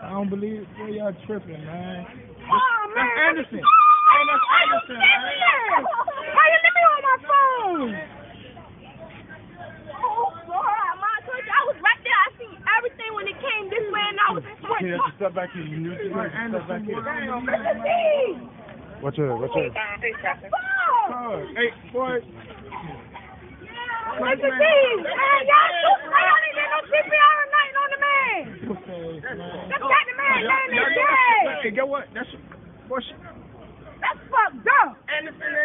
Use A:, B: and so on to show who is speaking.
A: I don't believe where y'all tripping, man. Oh, man. Anderson. Oh,
B: hey, that's Anderson. Man.
C: Why you leave me on my
A: phone?
C: Oh, God. I I was right there. I seen everything when it came this way, and I was
A: just like, step back here. You knew Anderson. What's up? What's up?
C: hey,
A: boy. Yeah. Mr. D, y'all too don't keep
B: that's got the man name in Hey, get what? That's what's. That's fucked up. Anderson